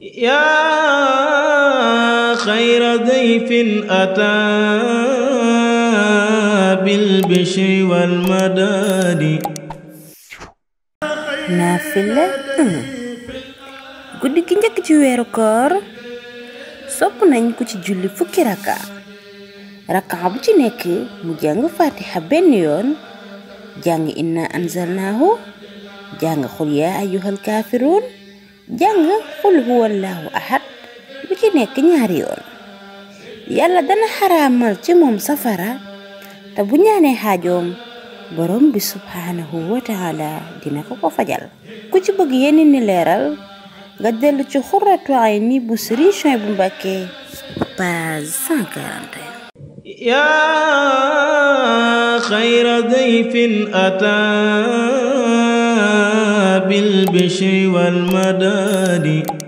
yaa xayra dayfin ataa bil bishri wal madaadi guddi gi njëkk ci weeru koor sopp nañ ko ci julli fukki raka raka bu ci nekk mu jàng fatiha benn yoon jàng inna anzalnaahu jàng xul yaa ayyuhal kaafiruun jàng xul huwallaahu ahad lu ci nekk ñaari yoon yàlla dana xaraamal ci moom safara te bu ñaanee xaajoom borom bi wa taala dina ko ko fajal ku ci bëgg yeneen leeral nga dellu ci xurratu ayni bu Sëriñ Suwaybu Mbàkke page yaa xayra dayfin ataa بالبشر والمداد